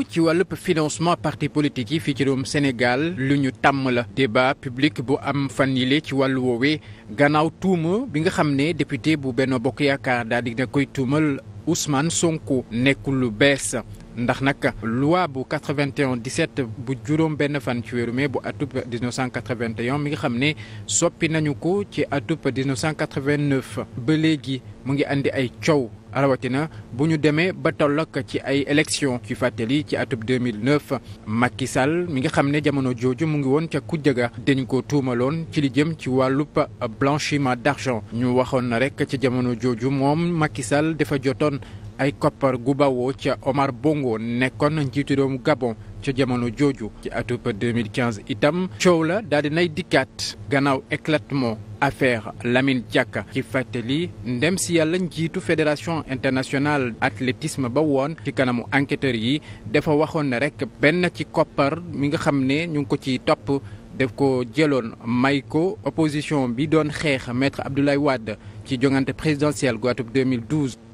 taxaw ci wàllub financement parti politique yi fii ci réewum Sénégal lu ñu tàmm la débat public bu am fan yile ci wàllu woowee gannaaw tuuma bi nga xam ne député bu Benno Bokk Yaakaar daal di koy tuumal Ousmane Sonko nekkul lu bees ndax nag loi bu 91 17 bu juróom benn fan ci weeru mai bu atub 1981 mi nga xam ne soppi nañu ko ci atub 1989 ba léegi mu ngi indi ay cow rawatina bu ñu demee ba tolloog ci ay élection ci fàttali ci atub 2009 Macky Sall mi nga xam ne jamono jooju mu ngi woon ca kujje jega dañ ko tuumaloon ci li jëm ci wàllub blanchiment d'argent ñu waxoon na rek ci jamono jooju moom Macky dafa jotoon doon ay koppar gu bawoo ca Omar Bongo nekkoon njiitu doomu Gabon ca jamono jooju ci atub 2015 itam coow la daal di nay dikkaat gannaaw éclatement affaire Lamine Diack ci fàttali ndem si yàlla njiitu fédération internationale athlétisme ba woon ci kanamu enquêteurs yi dafa waxoon ne rek benn ci koppar mi nga xam ne ñu ngi ko ci topp def ko jëloon may ko opposition bi doon xeex maître Abdoulaye Wade ci jongante présidentielle gu atub 2012